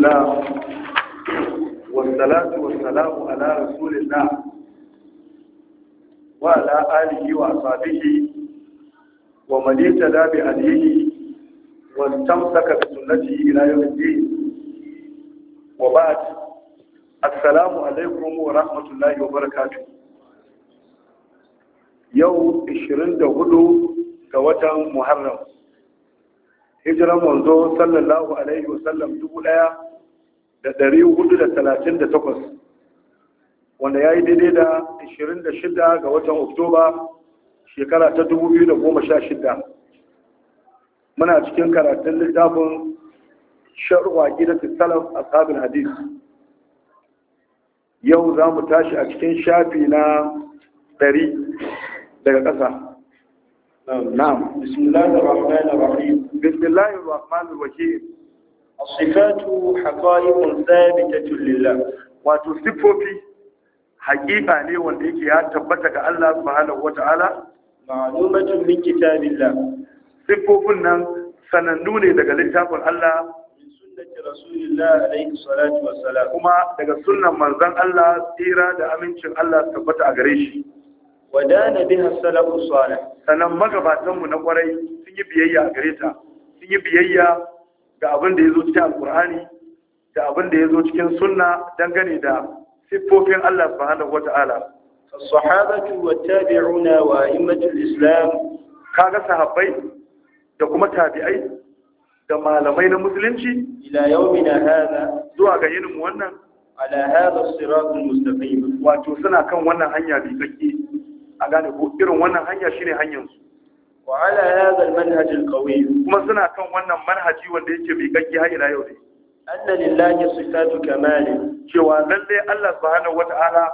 الله والصلاة والسلام على رسول الله وعلى آله وأصحابه ومن يتدى بأليه واستمسك بسنته إلى يوم الدين وبعد السلام عليكم ورحمة الله وبركاته يوم 24 ga watan Muharram hijiran manzo sallallahu alaihi wasallam dubu ɗaya da dari hudu da talatin da takwas wanda ya yi daidai da ashirin da shida ga watan oktoba shekara ta dubu biyu da goma sha shida muna cikin karatun littafin sharuwa gidan salaf sabin hadis yau za mu tashi a cikin shafi na ɗari daga ƙasa na'am bismillahir rahmanir rahim بسم الله الرحمن الرحيم الصفات حقائق ثابتة لله وتصفوفي حقيقة ne wanda yake ya tabbata ga Allah subhanahu wataala ma'lumatun min kitabillah sifofin nan sanannu ne daga littafin Allah sunnati rasulillah alayhi salatu wassalam kuma daga sunnan manzon Allah tsira da amincin Allah tabbata a gare shi wadana biha salafu salih sanan magabatanmu na kwarai sun yi biyayya a gare ta sun yi biyayya ga abin da ya zo cikin alkur'ani da abin da ya zo cikin sunna dangane da siffofin Allah subhanahu wata'ala as-sahabatu wat-tabi'una wa a'immatul islam kaga sahabbai da kuma tabi'ai da malamai na musulunci ila yawmina hada zuwa ga yinin wannan ala hada siratul mustaqim wato suna kan wannan hanya bi tsaki a gane ko irin wannan hanya shine hanyar su Wahala ala hadha al-manhaj kuma suna kan wannan manhaji wanda yake mai gaggi har yau ne anna lillahi sifatu kamal cewa lalle Allah subhanahu wata'ala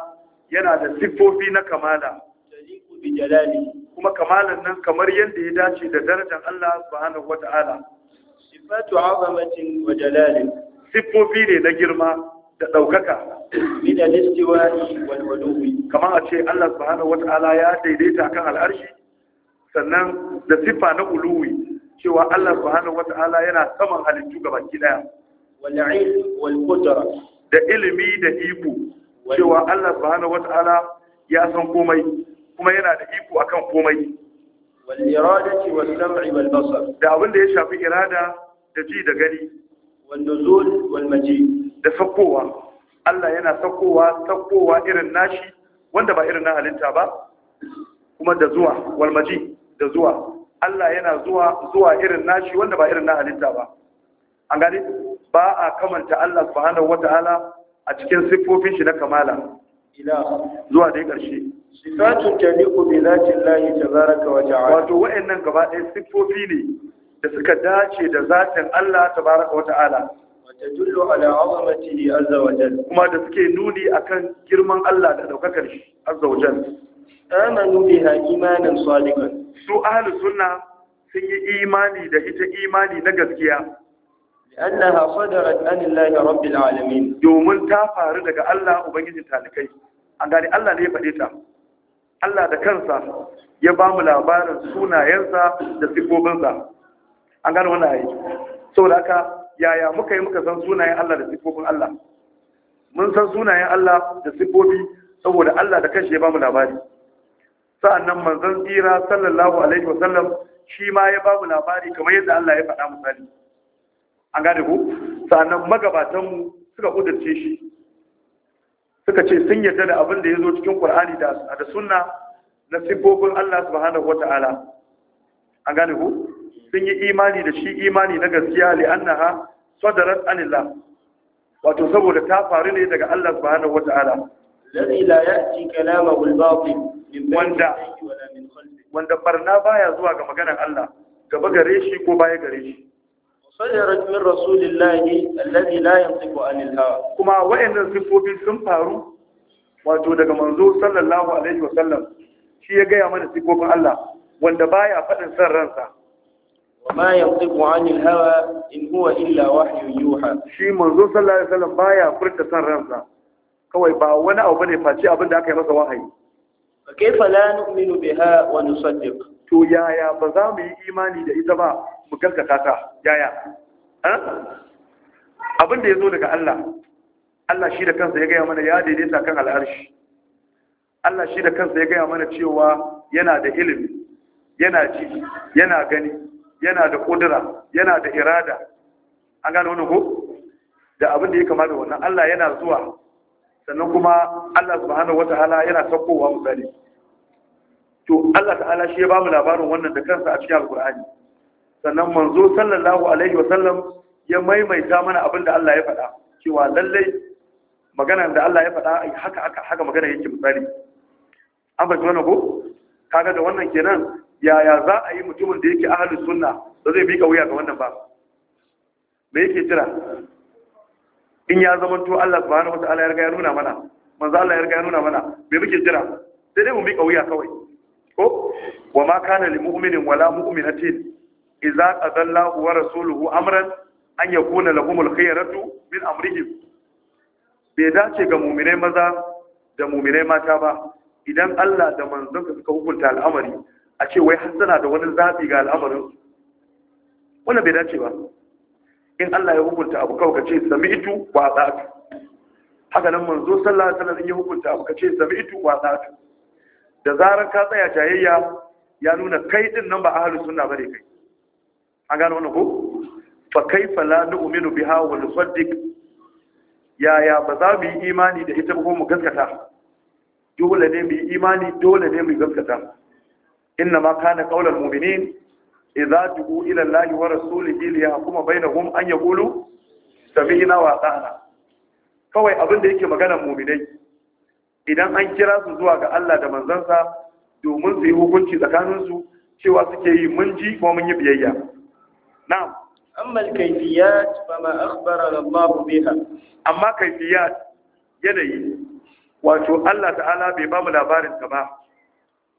yana da sifofi na kamala taliqu bi jalali kuma kamalan nan kamar yadda ya dace da darajar Allah subhanahu wata'ala sifatu azamatin wa jalalin sifofi ne na girma da ɗaukaka min kamar a ce Allah ya daidaita akan al'arshi sannan da siffa na uluwi cewa Allah subhanahu wata'ala yana saman halittu ga baki daya da ilimi da iko cewa Allah subhanahu wata'ala ya san komai kuma yana da iko akan komai wal iradati was sam'i wal basar da abin da ya shafi irada da ji da gani wal nuzul wal maji da sakkowa Allah yana sakkowa sakkowa irin nashi wanda ba irin na halitta ba kuma da zuwa wal maji da zuwa Allah yana zuwa zuwa irin nashi wanda ba irin na halitta ba an gani ba a kamanta Allah subhanahu wataala a cikin siffofin shi na kamala ila zuwa dai karshe sifatu taliqu bi zati Allah tabaaraka wa ta'ala wato wayannan gaba ɗaya siffofi ne da suka dace da zatin Allah tabaaraka wa ta'ala tadullu ala azamatihi azza wa jalla kuma da suke nuni akan girman Allah da daukakar shi azza wa jalla amanu biha imanan salihan su ahlus sunna sun yi imani da ita imani na gaskiya annaha sadarat an lillahi rabbil alamin domin ta faru daga Allah ubangijin talikai an gani Allah ne ya fade ta Allah da kansa ya ba mu labarin sunayensa da sifofinsa an gani wannan ayi saboda haka yaya muka yi muka san sunayen Allah da sifofin Allah mun san sunayen Allah da sifofi saboda Allah da kanshi ya ba mu labari sa'annan manzon tsira sallallahu alaihi wasallam shi ma ya ba mu labari kamar yadda Allah ya faɗa misali an gane ku sa'annan magabatanmu suka kudurce shi suka ce sun yarda da abin da ya zo cikin Qur'ani da da sunna na sifofin Allah subhanahu wata'ala an gane ku sun yi imani da shi imani na gaskiya li annaha sadarat anillah wato saboda ta faru ne daga Allah subhanahu wata'ala الذي لا يأتي كلامه الباطل من بين ولا من خلفه wanda barna baya zuwa ga maganar Allah gaba gare shi ko baya gare shi sajarat min rasulillahi alladhi la yantiqu anil hawa kuma wayannan sifofi sun faru wato daga manzo sallallahu alaihi wa sallam shi ya gaya mana sifofin Allah wanda baya faɗin san ransa ma yantiqu anil hawa in huwa illa wahyun yuha shi manzo sallallahu alaihi wa sallam baya furta san ransa kawai ba wani abu ne face abin da aka yi masa wahayi kaifa la nu'minu biha wa nusaddiq to yaya ba za mu yi imani da ita ba mu gaskata ta yaya abin da yazo daga Allah Allah shi da kansa ya gaya mana ya daidaita kan al'arshi Allah shi da kansa ya gaya mana cewa yana da ilimi yana ji yana gani yana da kudura yana da irada an gane wannan ko da abin da ya kamata wannan Allah yana zuwa sannan kuma Allah subhanahu wataala yana saukowa misali to Allah ta'ala shi ya bamu labarin wannan da kansa a cikin alkur'ani sannan manzo sallallahu alaihi wasallam ya maimaita mana abin da Allah ya faɗa cewa lallai magana da Allah ya faɗa haka haka haka magana yake misali an fahimci wannan ko kaga da wannan kenan yaya za a yi mutumin da yake ahlus sunna ba zai bi wuya ga wannan ba me yake jira in ya zama to Allah subhanahu wataala ya riga ya nuna mana manzo Allah ya riga ya nuna mana bai muke jira sai dai mu bi kauya kawai ko wa ma kana lil mu'minin wala mu'minatin idza qadallahu wa rasuluhu amran an yakuna lahumul khiyaratu min amrihim bai dace ga mu'minai maza da mu'minai mata ba idan Allah da manzonsa suka hukunta al'amari a ce wai hasana da wani zabi ga al'amarin wannan bai dace ba in Allah ya hukunta abu kawai ka ce sami'tu wa ata'tu haka nan manzo sallallahu alaihi wasallam ya hukunta abu ka ce sami'tu wa ata'tu da zarar ka tsaya jayayya ya nuna kai din nan ba ahlus sunna bane kai an gano wannan ko fa kaifa la nu'minu biha wa nusaddiq ya ya ba za mu yi imani da ita ko mu gaskata dole ne mu yi imani dole ne mu gaskata inna ma kana qaulul mu'minin idza du'u ila Allahi wa rasulihi li yahkuma bainahum an yaqulu sami'na wa ata'na kawai abinda da yake magana mu'minai idan an kira su zuwa ga Allah da manzansa domin su yi hukunci tsakanin su cewa suke yi mun ji ko mun yi biyayya na'am amma al-kayfiyat fama akhbara Allah biha amma kayfiyat yanayi wato Allah ta'ala bai ba mu labarin ta ba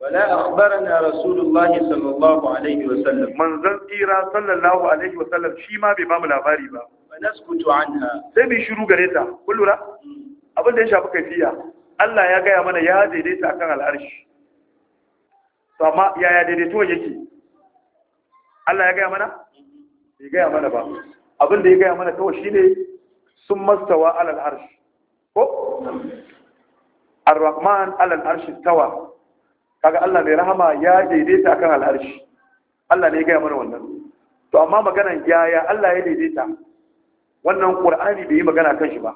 wala akhbarana rasulullah sallallahu alaihi wasallam manzon tira sallallahu alaihi wasallam shi ma bai bamu labari ba naskutu anha sai bi shiru gare ta mm. abin da ya shafi kaifiya Allah ya gaya mana ya daidaita akan al'arshi yaya daidaito yake Allah ya gaya mana bai gaya mana ba abin da ya gaya mana kawai shine sun mastawa alal ko mm. ar-rahman alal tawa kaga Allah mai rahama ya daidaita akan al'arshi Allah ne ya gaya mana wannan to amma maganan yaya Allah ya daidaita wannan Qur'ani bai yi magana kan shi ba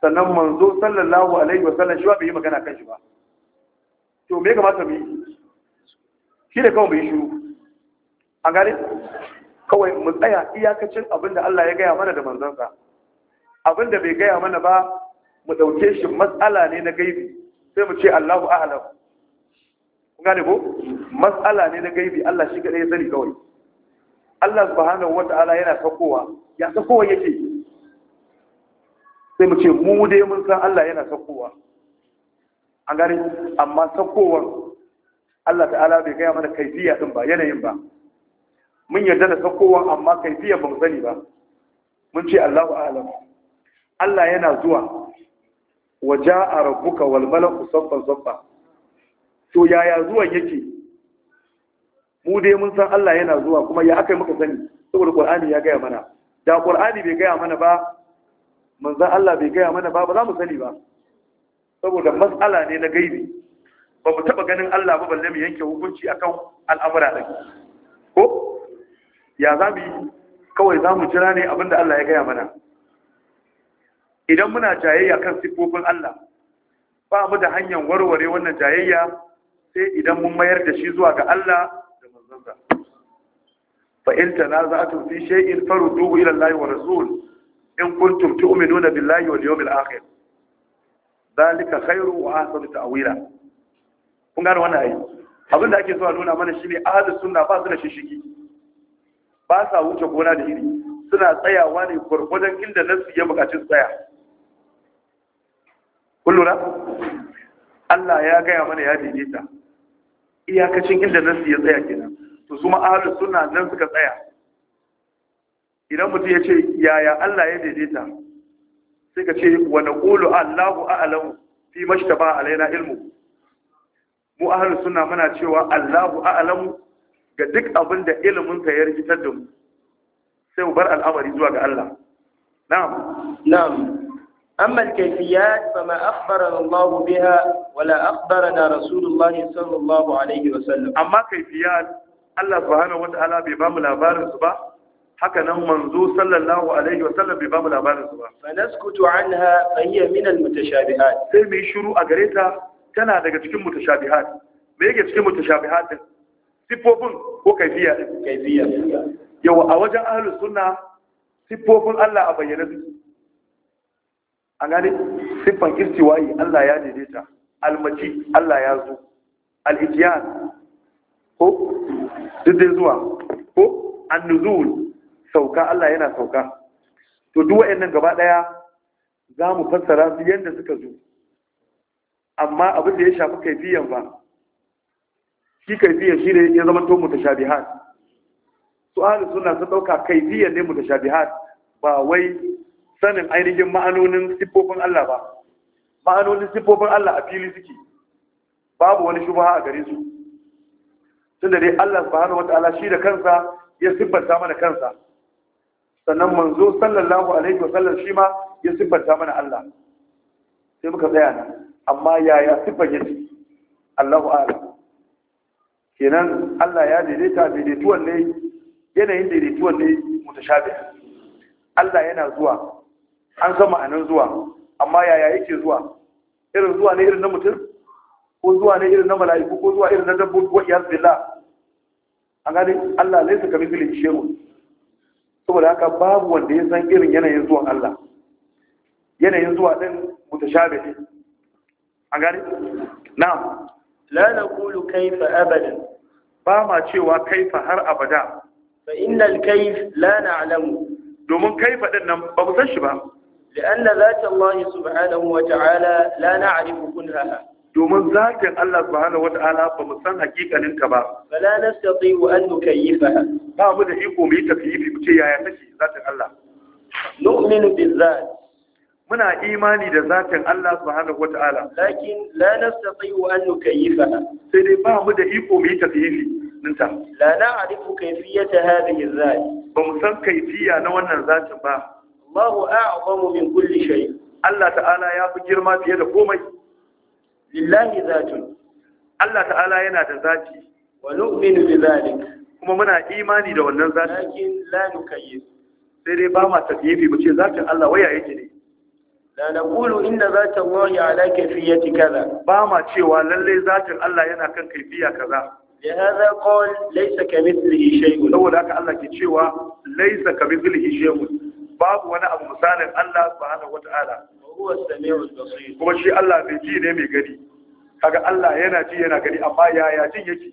sannan manzo sallallahu alaihi wa sallam shi ba bai yi magana kan shi ba to me kamata mu yi shi da kawai bai shiru an gane kawai mu tsaya iyakacin abin da Allah ya gaya mana da manzansa abin da bai gaya mana ba mu ɗauke shi matsala ne na gaibi sai mu ce Allahu a'lam gane ko matsala ne na gaibi Allah shi kadai ya sani kawai Allah subhanahu wata'ala yana sakowa ya sakowa yake sai mu ce mu dai mun san Allah yana sakowa an gane amma sakowar Allah ta'ala bai gaya mana kaifiya din ba yanayin ba mun yarda da sakowar amma kaifiya ba mu sani ba mun ce Allahu a'lam Allah yana zuwa waja'a rabbuka wal malaku saffan saffan to yaya zuwan yake mu dai mun san Allah yana zuwa kuma ya aka muka sani saboda Qur'ani ya gaya mana da Qur'ani bai gaya mana ba manzon Allah bai gaya mana ba ba za mu sani ba saboda mas'ala ne na gaibi ba mu taba ganin Allah ba balle mu yanke hukunci akan al'amura din ko ya za mu kawai za mu jira ne abinda Allah ya gaya mana idan muna jayayya kan siffofin Allah ba mu da hanyar warware wannan jayayya sai idan mun mayar da shi zuwa ga Allah da manzansa fa in tanaza'tum fi shay'in farudduhu ila Allah wa rasul in kuntum tu'minuna billahi wal yawmil akhir zalika khairu wa ahsanu ta'wila kun gane wannan ayi abinda ake so a nuna mana shine ahadu sunna ba su da shishigi ba sa wuce gona da iri suna tsayawa ne gurgurdan inda nasu ya bukaci tsaya kullura Allah ya gaya mana ya daidaita iyakacin inda nasi ya tsaya kenan to su ma'ahalus suna nan suka tsaya idan mutum ya ce yaya Allah ya daidaita sai ka ce wa naqulu Allahu a'alamu fi mashtaba alaina ilmu mu ahlus muna cewa Allahu a'alamu ga duk abin da ilimin ya rikitar da mu sai mu bar al'amari zuwa ga Allah na'am na'am أما الكيفيات فما أخبرنا الله بها ولا أخبرنا رسول الله صلى الله عليه وسلم أما كيفيات الله سبحانه وتعالى ببام الأبار سبا حكى منزو صلى الله عليه وسلم ببام الأبار سبا فنسكت عنها فهي من المتشابهات سلمي شروع أقريتها كان هذا تكون متشابهات ما يجي تكون متشابهات سيبوبون وكيفية كيفية يو أوجه أهل السنة سيبوبون الله أبينه an gane siffan irtiwayi Allah ya daidaita almaci Allah ya zo al ko duk zuwa ko an sauka Allah yana sauka to duk wayannan gaba daya za mu fassara su yadda suka zo amma abin da ya shafi kaifiyan ba shi kaifiyan shi ne ya zama to mutashabihat su ahli sunna sun dauka kaifiyan ne mutashabihat ba wai sanin ainihin ma'anonin siffofin Allah ba ma'anonin siffofin Allah a fili suke babu wani shubaha a gare su tunda dai Allah subhanahu wataala shi da kansa ya siffanta mana kansa sannan manzo sallallahu alaihi wasallam shi ma ya siffanta mana Allah sai muka tsaya nan amma yaya siffan yake Allahu a'lam kenan Allah ya daidaita daidaituwan ne yanayin daidaituwan ne mutashabi Allah yana zuwa an zama a nan zuwa amma yaya yake zuwa irin zuwa ne irin na mutum ko zuwa ne irin na mala'iku ko zuwa irin na dabbobi wa iyaz billah an gane Allah laysa mithli shay'un saboda haka babu wanda ya san irin yanayin zuwan Allah yanayin zuwa din mutashabihi an gane na'am la naqulu kayfa abadan ba ma cewa kaifa har abada fa innal kayf la na'lamu domin kaifa din nan ba mu san shi ba لأن ذات الله سبحانه وتعالى لا نعرف كنهها domin zakin Allah subhanahu wata'ala ba mu san hakikanin ka ba fala nastati wa an nukayyifaha ba mu da iko mu yi takyifi mu ce yaya take zatin Allah nu'minu bizzat muna imani da zatin Allah subhanahu wata'ala lakin la nastati wa an nukayyifaha sai dai ba mu da iko mu yi takyifi ninta la na'rifu kayfiyata hadhihi zat ba mu san kayfiya na wannan zatin ba Allahu a'zamu min kulli shay Allah ta'ala ya fi girma fiye da komai lillahi zatun Allah ta'ala yana da zati wa nu'minu bi zalik kuma muna imani da wannan zati lakin la nukayyif sai dai ba ma tafiyi mu ce zatin Allah waya yake ne la naqulu inna zata Allah ala kayfiyati kaza ba ma cewa lalle zatin Allah yana kan kaifiya kaza لهذا laisa ليس كمثله shay'un saboda haka Allah ke cewa laysa kamithlihi shay'un babu wani abu misalin Allah subhanahu wata'ala kuma shi Allah mai ji ne mai gani kaga Allah yana ji yana gani amma yaya jin yake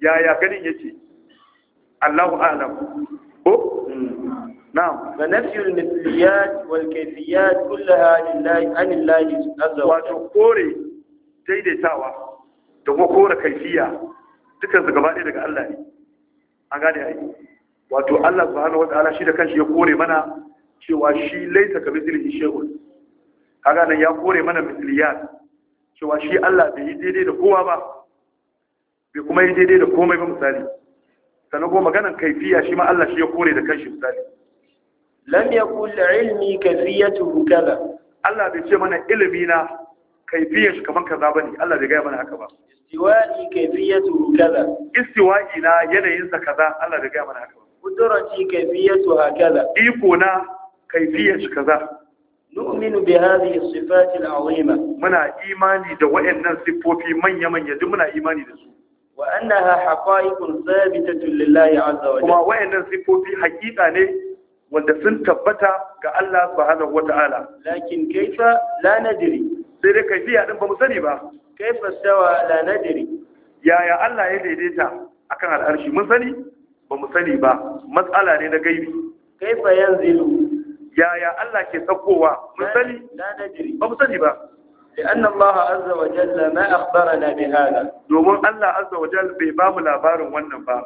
yaya ganin yake Allahu a'lam ko na'am fa nafyul mithliyat wal kayfiyat kullaha lillahi anillahi azza wa wato kore daidaitawa da kuma kore kaifiya dukkan su gaba ɗaya daga Allah ne an gane ai wato Allah subhanahu wa ta'ala shi da kanshi ya kore mana cewa shi laisa ka mislihi shehun kaga nan ya kore mana misliyat cewa shi Allah bai yi daidai da kowa ba bai kuma yi daidai da komai ba misali sannan kuma maganan kaifiya shi ma Allah shi ya kore da kanshi misali lam yakul ilmi kafiyatu kaza Allah bai ce mana ilimi na kaifiyar shi kaman kaza bane Allah bai gaya mana haka ba istiwa'i kafiyatu kaza istiwa'i na yanayin sa kaza Allah bai gaya mana haka ba kudrati kafiyatu kaza iko na kaifiyar kaza nu'minu bi hadhihi as-sifati al-'azima muna imani da wayannan sifofi manya manya duk muna imani da su wa annaha haqa'iqun thabitatun lillahi 'azza wa jalla kuma wayannan sifofi hakika ne wanda sun tabbata ga Allah subhanahu wata'ala lakin kaifa la nadri sai dai kaifiya din ba mu sani ba kaifa sawa la nadri yaya Allah ya daidaita akan al'arshi mun sani ba mu sani ba matsala ne na gaibi yaya Allah ke saukowa mun sani ba mu sani ba لأن الله عز وجل ما أخبرنا بهذا دومون الله عز وجل بإمام الأبار والنبا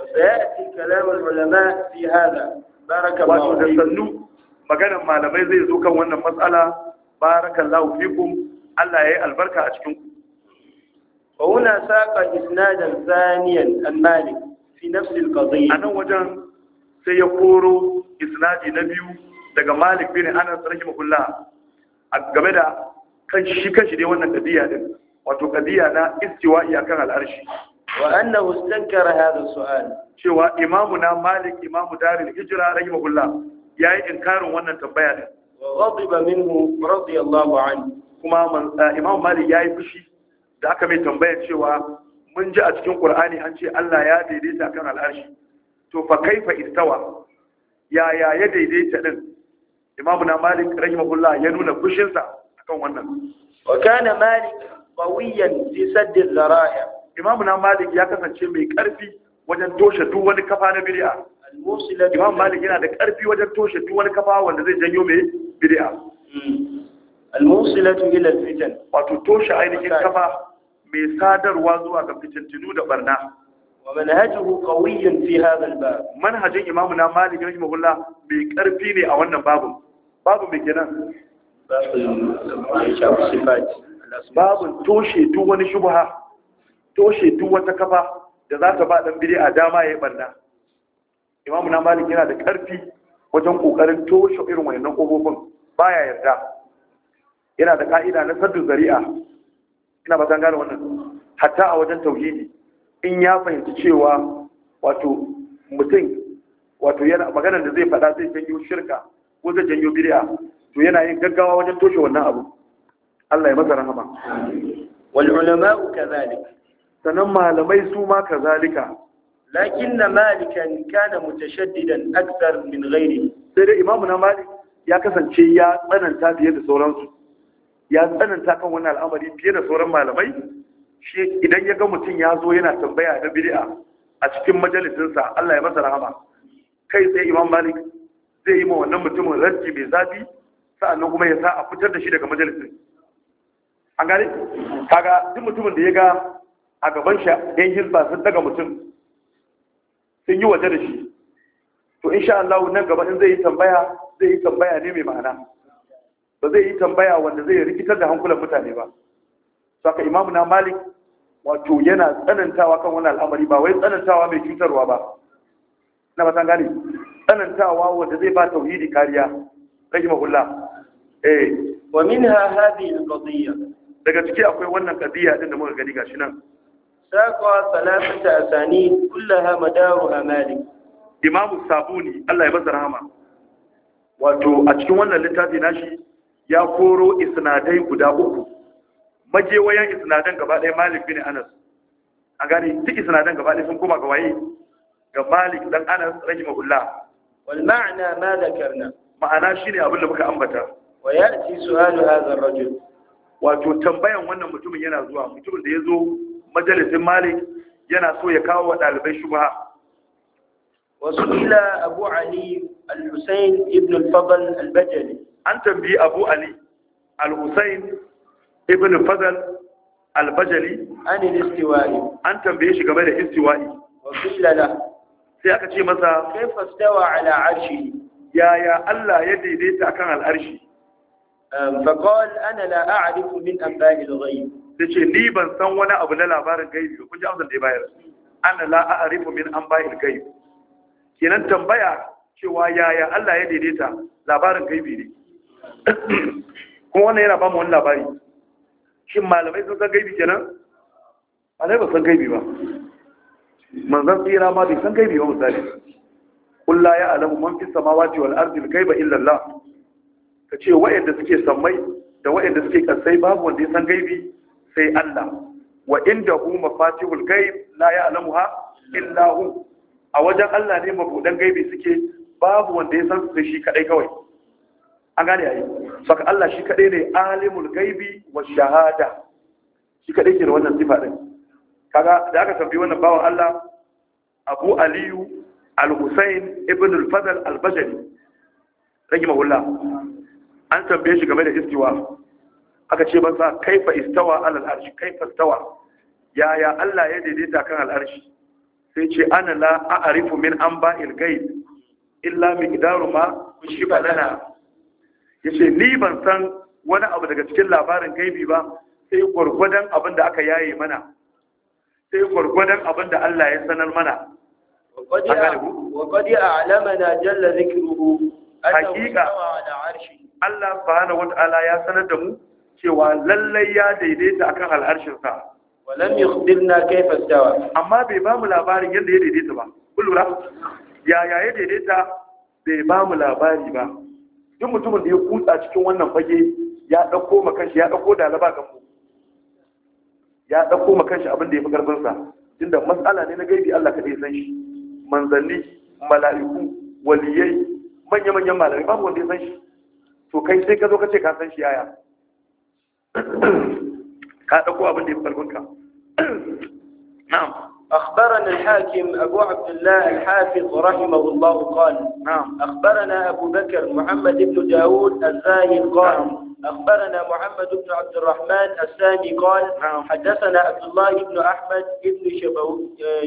وسيأتي كلام العلماء في هذا بارك الله فيكم magana malamai zai zo kan wannan matsala barakallahu fikum Allah yi albarka a cikin ku wa huna saqa isnadan thaniyan malik fi nafs al qadiyya anan wajen sai ya koro na biyu daga malik bin anas a game da kan shi kanshi dai wannan kadiya din wato kadiya na istiwa'i akan al'arshi wa annahu istankara hadha su'al cewa imamu na malik imamu daril hijra rahimahullah yayi inkarin wannan tambaya din ghadiba minhu radiyallahu anhu kuma eh, imamu malik yayi fushi da aka mai tambaya cewa mun ji a cikin qur'ani an ce Allah ya daidaita kan al'arshi to fa kaifa istawa yaya ya daidaita din imamu na malik rahimahullah ya nuna kushinsa kan wannan Wakana malik qawiyan fi sadd al-zara'i imamu na malik ya kasance mai karfi wajen toshe duk wani kafa na bid'a imamu malik yana da karfi wajen toshe duk wani kafa wanda zai janyo mai bid'a hmm. al-musilatu ila al-fitan wato toshe ainihin kafa mai sadarwa zuwa ga fitintinu da barna ومنهجه قوي في هذا الباب منهج امامنا مالك رحمه الله Babu أو أن باب باب toshe باب توشي دون toshe توشي wata تكفى da za ta ba ɗan biri a dama ya yi imamuna malik yana da ƙarfi wajen ƙoƙarin toshe irin wayannan kobobin baya yarda yana da ƙa'ida na saddu zari'a ina ba gane wannan hatta a wajen tauhidi in ya fahimci cewa wato mutum wato yana maganar da zai faɗa zai janyo shirka ko zai janyo bid'a to yana yin gaggawa wajen toshe wannan abu Allah ya masa rahama wal ulama kadhalik sanan malamai su ma kazalika lakin malikan kana mutashaddidan akthar min ghairi sai dai imamu na malik ya kasance ya tsananta fiye da sauransu ya tsananta kan wannan al'amari fiye da sauran malamai shi idan ya ga mutum ya zo yana tambaya na bid'a a cikin majalisinsa Allah ya masa rahama kai sai Imam Malik zai yi ma wannan mutumin raddi mai zafi sa'annan kuma ya sa a fitar da shi daga majalisin an gane kaga duk mutumin da ya ga a gaban shi yan hisba sun daga mutum sun yi waje da shi to insha Allah nan gaba in zai yi tambaya zai yi tambaya ne mai ma'ana ba zai yi tambaya wanda zai rikitar da hankulan mutane ba saka imamu na malik wato yana tsanantawa kan wani al'amari ba wai tsanantawa mai cutarwa ba na batan gane tsanantawa wanda zai ba tauhidi kariya mahulla eh wa minha hadhihi al-qadiyya daga ciki akwai wannan qadiyya din da muka gani gashi nan saqa salatata asani kullaha madaru amali imam sabuni Allah ya masa rahama wato a cikin wannan littafi nashi ya koro isnadai guda uku majewayan isnadan gaba ɗaya malik bin anas a gane duk isnadan gaba ɗaya sun koma ga waye ga malik dan anas rahimahullah wal ma'ana ma dhakarna ma'ana shine abin da muka ambata wa ya'ti su'alu hadha ar-rajul wato tambayan wannan mutumin yana zuwa mutumin da ya zo majalisin malik yana so ya kawo wa ɗalibai shubha wasu ila abu ali al-husayn ibn al-fadl al-bajali an tambayi abu ali al-husayn ibn fadl al-bajali an al-istiwa'i an tambaye shi game da istiwa'i wa sai aka ce masa kaifa stawa ala arshi yaya Allah ya daidaita kan al-arshi fa qala ana la a'rifu min anba'i al-ghayb tace ni ban san wani abu na labarin gaibi ba kuma amsar da ya bayar ana la a'rifu min anba'i al-ghayb kenan tambaya cewa yaya Allah ya daidaita labarin gaibi ne kuma wannan yana ba mu wani labari shin malamai sun san gaibi kenan alai ba san gaibi ba manzan tsira ma bai san gaibi ba misali kulla ya alamu man fi samawati wal ardi gaiba illallah, ka ce wa'inda suke sammai da wa'inda suke kasai babu wanda ya san gaibi sai Allah wa hu mafatihul gaib la ya'lamuha illa hu a wajen Allah ne mabudan gaibi suke babu wanda ya san su shi kadai kawai an gane yayi saka Allah shi kadai ne alimul gaibi wa shahada shi kadai ke da wannan sifa din kaga da aka tambayi wannan bawan Allah Abu Aliyu Al-Husayn ibn al-Fadl al-Bajali rahimahullah an tambaye shi game da istiwa aka ce ban sa kaifa istawa alal arshi kaifa istawa yaya Allah ya daidaita kan al'arshi sai ce ana la a'rifu min anba'il ghaib illa miqdaru ma ushiba lana yace ni ban san wani abu daga cikin labarin gaibi ba sai gwargwadon abin da aka yaye mana sai gwargwadon abin da Allah ya sanar mana wa qad ya'lamana jalla zikruhu hakika Allah subhanahu wata'ala ya sanar da mu cewa lallai ya daidaita akan al'arshin sa walam yukhbirna kayfa amma bai ba mu labarin yadda ya daidaita ba kullura ya ya ya daidaita bai ba mu labari ba duk mutumin da ya kutsa cikin wannan fage ya ɗauko makanshi ya ɗauko dalaba ga mu ya ɗauko makanshi abin da ya fi sa tunda matsala ne na gaibi Allah kadai san shi manzanni mala'iku waliyai manya-manyan malamai babu wanda ya san shi to kai sai ka zo ka ce ka san shi yaya ka ɗauko abin da ya fi ka na'am أخبرنا الحاكم أبو عبد الله الحافظ رحمه الله قال نعم أخبرنا أبو بكر محمد بن داود الزاهد قال نعم. أخبرنا محمد بن عبد الرحمن السامي قال حدثنا عبد الله بن أحمد بن شبوي آه،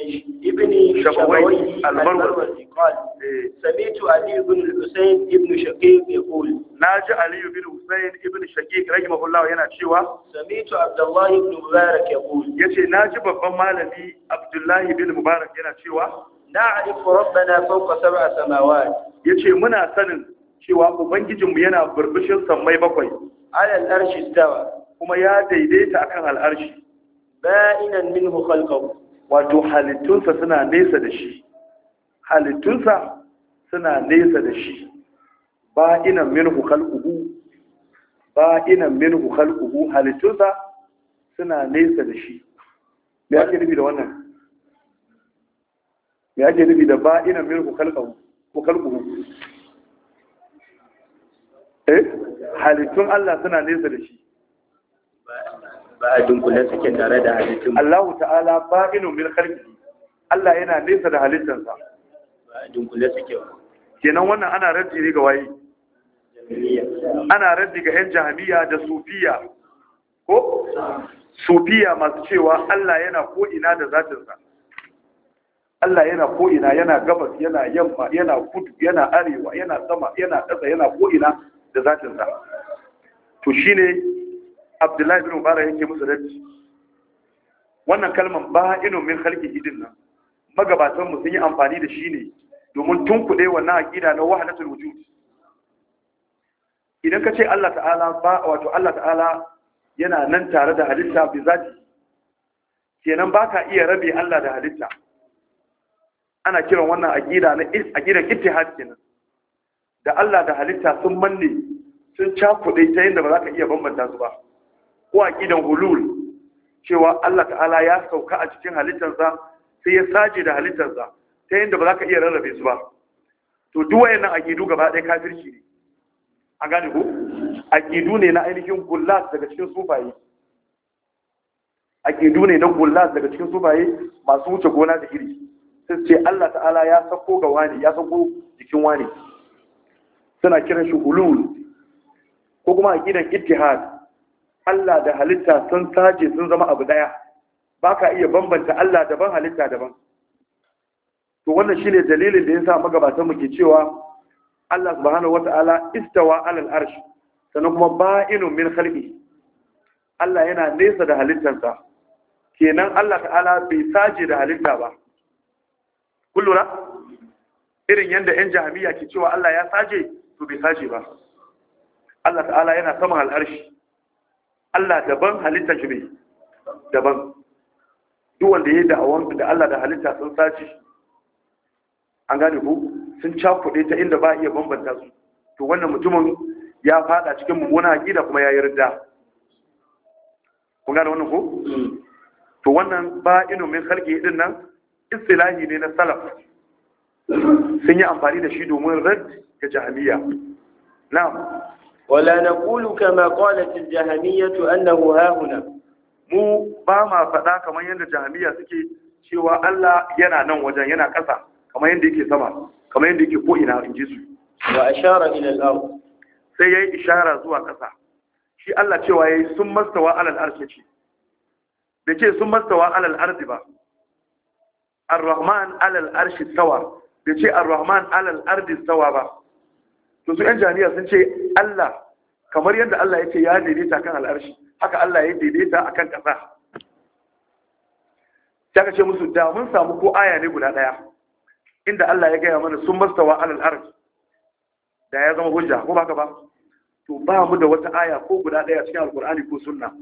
ابن شبوي المروزي قال إيه. سمعت علي بن الحسين بن شقيق يقول ناجى علي بن الحسين بن شقيق رحمه الله ينا شوى سمعت عبد الله بن مبارك يقول يتي ناجى بابا مالبي عبد الله بن مبارك ينا شوى نعرف ربنا فوق سبع سماوات يتي منا سنن cewa ubangijinmu yana burbushin sammai bakwai alal arshi stawa kuma ya daidaita akan al'arshi ba'inan minhu khalqahu wato halittunsa suna nesa da shi halittunsa suna nesa da shi ba'inan minhu khalquhu ba'inan minhu khalquhu halittunsa suna nesa da shi me ake nufi da wannan me ake nufi da ba'inan minhu khalquhu ko khalquhu eh halittun Allah suna nesa da shi ba a dunkule suke tare da halittun Allahu ta'ala ba'inu min khalqi Allah yana nesa da halittansa ba a suke kenan wannan ana raddi ne ga waye ana raddi ga yan jahamiya da sufiya ko sufiya masu cewa Allah yana ko ina da zatinsa Allah yana ko'ina yana gabas yana yamma yana kudu yana arewa yana sama yana ƙasa yana ko'ina da sa, to shi ne abdullahi bin mubarak yake musu rabbi wannan kalman ba inu min halki idin nan magabatanmu sun yi amfani da shi ne domin tunkuɗe wannan aƙida na wahalatul wujud idan ka ce Allah ta'ala ba wato Allah ta'ala yana nan tare da halitta bi zati kenan baka iya rabe Allah da halitta ana kiran wannan aqida na aqidan ittihad kenan da Allah da halitta sun manne sun cakuɗe ta yadda ba za ka iya bambanta su ba ko gidan hulul cewa Allah ta'ala ya sauka a cikin halittarsa sai ya saje da halittarsa ta yadda ba za ka iya rarrabe su ba to duk wayannan aqidu gaba ɗaya kafirci ne a gane ko aqidu ne na ainihin gullas daga cikin sufaye aqidu ne na gullas daga cikin sufaye masu wuce gona da iri sai ce Allah ta'ala ya sako ga wani ya sako jikin wani suna kiran shi hulul ko kuma aqidan ittihad Allah da halitta sun saje sun zama abu daya baka iya bambanta Allah daban halitta daban to wannan shine dalilin da yasa magabatan mu ke cewa Allah subhanahu wataala istawa alal arsh sannan kuma ba'inun min khalqi Allah yana nesa da halittansa, kenan Allah ta'ala bai saje da halitta ba kullura irin yanda yan jahamiya ke cewa Allah ya saje to bai saje ba Allah ta'ala yana saman al'arshi Allah daban halitta shi ne daban duk wanda ya yi da'awar da Allah da halitta sun sace an gane ku sun cakuɗe ta inda ba iya bambanta su to wannan mutumin ya fada cikin mummuna aqida kuma ya yarda Kun gane wannan ko to wannan ba inu min khalqi din nan istilahi ne na salaf sun yi amfani da shi domin rad ga jahiliya na'am wala naqulu kama qalat al-jahmiyah annahu hahuna mu ba ma faɗa kamar yadda jahmiya suke cewa Allah yana nan wajen yana ƙasa kamar yadda yake sama kamar yadda yake ko ina in ji su wa ashara ila al-ard sai yayi ishara zuwa ƙasa shi Allah cewa yayi sun mastawa alal arshi ce da ce sun mastawa alal ard ba ar-rahman alal arsh tawa da ce ar-rahman alal ard tawa ba to su yan jami'a sun ce Allah kamar yadda Allah ya ce ya daidaita kan al'arshi haka Allah ya daidaita a kan ƙasa ta kashe musu da mun samu ko aya ne guda ɗaya inda Allah ya gaya mana sun mastawa alal arsh da ya zama hujja ko ba ba to ba mu da wata aya ko guda ɗaya cikin alkur'ani ko sunna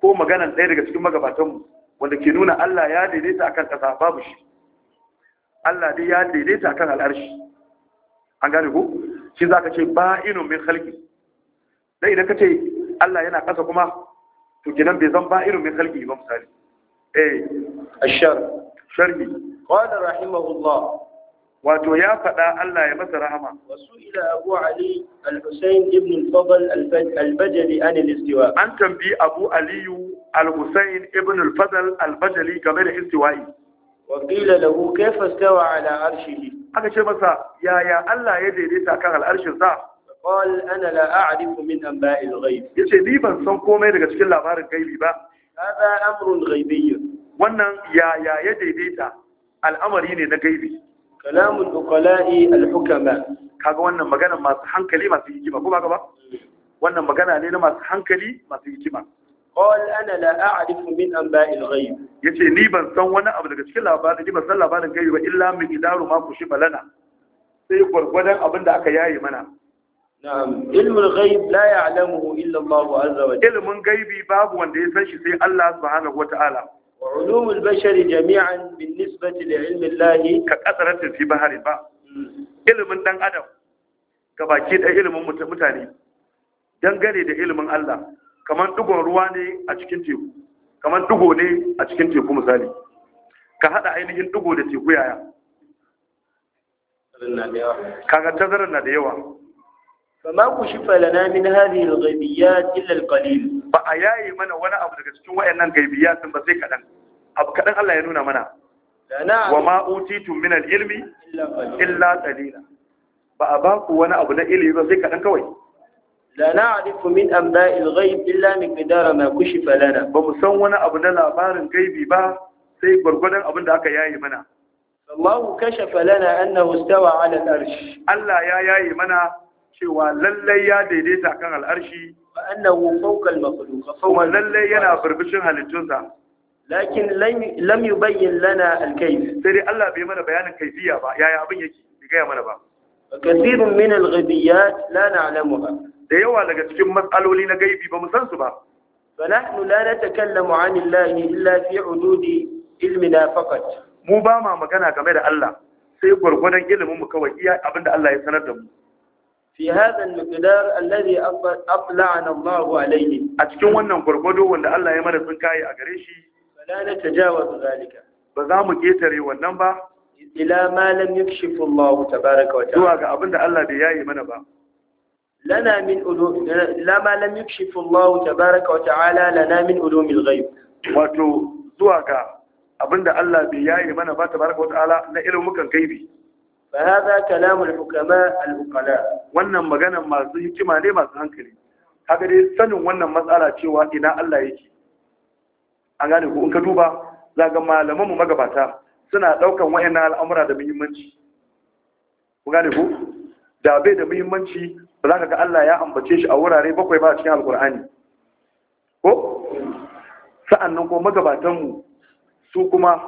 ko magana ɗaya daga cikin magabatanmu wanda ke nuna Allah ya daidaita akan ƙasa babu shi Allah dai ya daidaita akan al'arshi an gane ko shi za ka ce ba inu min halki dai idan ka ce Allah yana ƙasa kuma to kenan bai zan ba inu min halki ba misali eh ashar sharhi qala rahimahullah wato ya faɗa Allah ya masa rahama. Wasu ila Abu Ali al-Husayn ibn al-Fadl al-Bajali an al-istiwa. An tambayi Abu Aliyu al-Husayn ibn al-Fadl al-Bajali game da istiwa'i. Wa qila lahu kayfa istawa ala arshihi? aka ce masa yaya Allah ya daidaita kan al'arshin sa qal ana la a'rifu min anba'il ghaib yace ni ban san komai daga cikin labarin gaibi ba hada amrun ghaibiy wannan yaya ya daidaita al'amari ne na gaibi kalamul uqala'i al-hukama kaga wannan magana masu hankali masu hikima ko ba ka ba mm. wannan magana ne na masu hankali masu hikima قال انا لا اعرف من انباء الغيب yace ni ban san wani abu daga cikin labarin ni ban san labarin gaibi ba illa min idaru ma ku shiba lana sai gurgurdan abin da aka yaye mana na'am ilmul ghaib la ya'lamuhu illa Allah azza wa jalla ilmun babu wanda ya san shi sai Allah subhanahu wa wa ulumul bashari jami'an bin nisbati li ilmi Allah ka fi bahari ba hmm. ilmin dan adam ga baki da ilimin mutane dangane da ilmin Allah kamar dugon ruwa ne a cikin teku kamar dugo ne a cikin teku misali ka hada ainihin dugo da teku yaya kaga tazarar na da yawa fama ku shi falana min hadhihi al-ghaybiyat illa al-qalil ba a yayi mana wani abu daga cikin wayannan ghaybiyat din ba sai kadan abu kadan Allah ya nuna mana wa ma utitum min al-ilmi ba a ba wani abu na ilimi ba sai kaɗan kawai la na'rifu min amba'il ghaib illa miqdara ma kushifa lana ba mu san wani abu na labarin gaibi ba sai gurgurdan abin da aka yayi mana Allah kashafa lana annahu istawa 'ala al-arsh Allah ya yayi mana cewa lallai ya daidaita kan al'arshi wa annahu fawqa al-makhluq kuma lallai yana burbushin halittunsa lakin lam yubayyin lana al-kayf sai dai Allah bai mana bayanin kaifiya ba yaya abin yake bai ga mana ba kathirun min al-ghibiyat la na'lamuha da yawa daga cikin matsaloli na gaibi ba san su ba فنحن لا نتكلم عن الله إلا في حدود ilmina فقط mu ba ma magana game da Allah sai gurgurdan ilimin mu kawai iya abinda Allah ya sanar da mu fi hadha al-miqdar alladhi abla'ana Allah alayhi a cikin wannan gurgudo wanda Allah ya mana tsinkaye a gare shi na natajawazu zalika ba za mu ketare wannan ba ila ma lam yakshifu Allah tabaaraka wa ta'ala zuwa ga abinda Allah bai yayi mana ba lana min ulum la ma lam yukshifu Allah tabaaraka wa ta'ala lana min ulumil ghaib wato zuwa ga abinda Allah bai yayi mana ba tabaaraka wa ta'ala na ilmukan gaibi fa hada kalam al hukama al uqala wannan magana masu hikima ne masu hankali kaga dai sanin wannan matsala cewa ina Allah yake an gane ko in ka duba zaga malaman mu magabata suna daukan wayannan al'amura da muhimmanci ku gane ko da bai da muhimmanci ba za ka ga Allah ya ambace shi a wurare bakwai ba a cikin alkur'ani ko sa'annan ko magabatanmu su kuma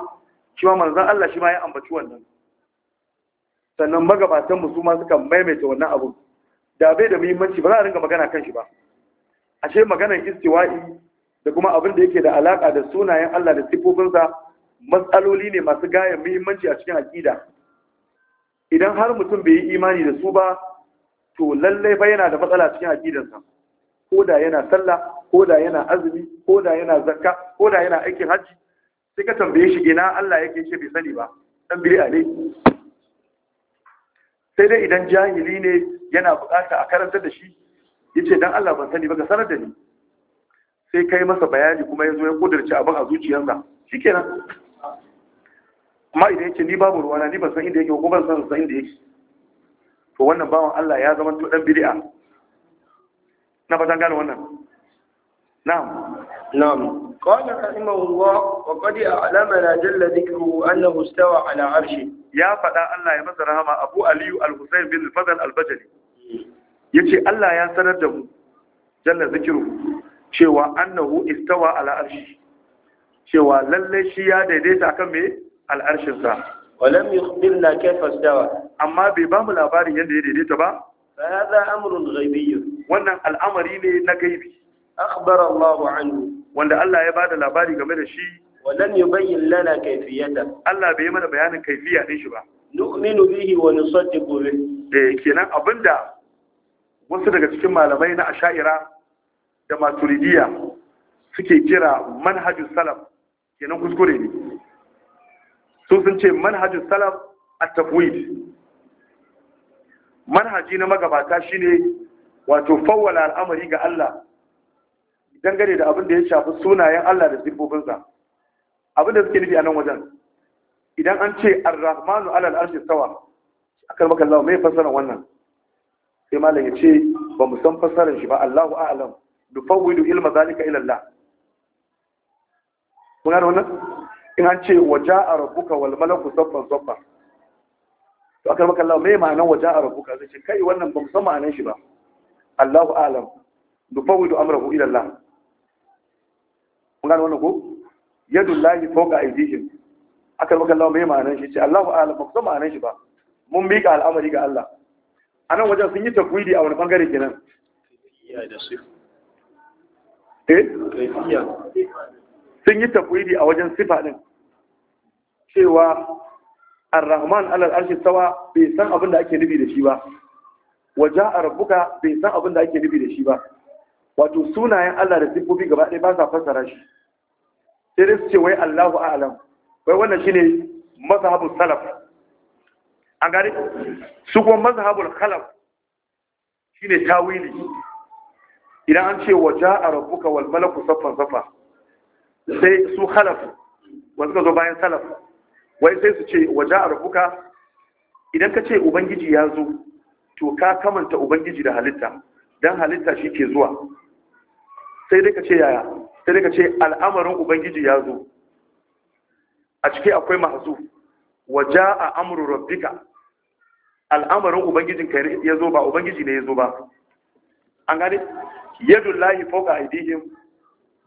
cewa manzan Allah shi ma ya ambaci wannan sannan magabatanmu su ma suka maimaita wannan abu da bai da muhimmanci ba za a ringa magana kan shi ba ashe maganar istiwa'i da kuma abin da yake da alaka da sunayen Allah da sifofinsa matsaloli ne masu gayan muhimmanci a cikin aƙida idan har mutum bai yi imani da su ba to lallai fa yana da matsala cikin aqidarsa ko da yana sallah ko da yana azumi ko da yana zakka ko da yana aikin hajji sai ka tambaye shi ina Allah yake shi bai sani ba dan bid'a ne sai dai idan jahili ne yana bukata a karantar da shi yace dan Allah ban sani ba ga sanar da ni sai kai masa bayani kuma yazo ya kudirce abin a zuciyarsa shikenan amma idan yace ni babu ruwana ni ban san inda yake ko ban san san inda yake to wannan bawan Allah ya zama to dan bid'a na fatan gane wannan na'am na'am qala rahimahullah wa qad a'lamana jalla dhikruhu annahu istawa ala arshi ya fada Allah ya masa rahama Abu Aliyu al-Husayn bin Fadl al-Bajali yace Allah ya sanar da mu jalla dhikruhu cewa annahu istawa ala arshi cewa lalle shi ya daidaita akan me al-arshin sa wa lam yukhbirna kayfa istawa amma bai ba mu labarin yadda ya daidaita ba hada amrun ghaibiy wannan al'amari ne na gaibi akhbara Allahu anhu wanda Allah ya bada labari game da shi walam yubayyin lana kayfiyata Allah bai yi mana bayanin kayfiya din shi ba nu'minu bihi wa nusaddiqu bihi eh kenan abinda wasu daga cikin malamai na asha'ira da maturidiya suke kira manhajus salaf kenan kuskure ne sun sun ce manhajus salaf at-tafwid manhaji na magabata shine wato fawwala al'amari ga Allah dangane da abin da ya shafi sunayen Allah da zirbobinsa abin da suke nufi a nan wajen idan an ce al rahmanu ala al-arshi stawa akan maka Allah mai fasara wannan sai malam ya ce ba mu san fasarar shi ba Allahu a'lam nufawwidu ilma zalika ila kuna da wannan in an ce waja'a rabbuka wal malaku saffan saffan to aka maka Allah mai ma'anan waje a rabu ka zai kai wannan ba musamman ma'anan shi ba Allahu alam nufawidu amrahu ila Allah Mun gane wannan ko yadullahi fawqa aydihim aka maka Allah mai ma'anan shi ce Allahu alam ba musamman ma'anan shi ba mun miƙa al'amari ga Allah a nan wajen sun yi takwidi a wani bangare kenan eh? sun yi takwidi a wajen sifa din cewa ar-rahman al arshi tawa bai san abin da ake nufi da shi ba Wa ja'a rabbuka bai san abin da ake nufi da shi ba wato sunayen Allah da siffofi gaba ɗaya ba sa fassara shi sai dai su ce wai Allahu a'lam wai wannan shine mazhabul salaf an gane su kuma mazhabul khalaf shine tawili idan an ce wa ja'a rabbuka wal malaku saffan saffa sai su khalaf wanda suka zo bayan salaf wai sai su ce waje a rubuka? idan ka ce ubangiji ya zo to ka kamanta ubangiji da halitta don halitta shi ke zuwa sai dai ka ce yaya sai dai ka ce al'amarin ubangiji ya zo a ciki akwai mahazu waje a amuru rabbika al'amarin ubangijin ka ya zo ba ubangiji ne ya zo ba an gane yadullahi fauka aidihim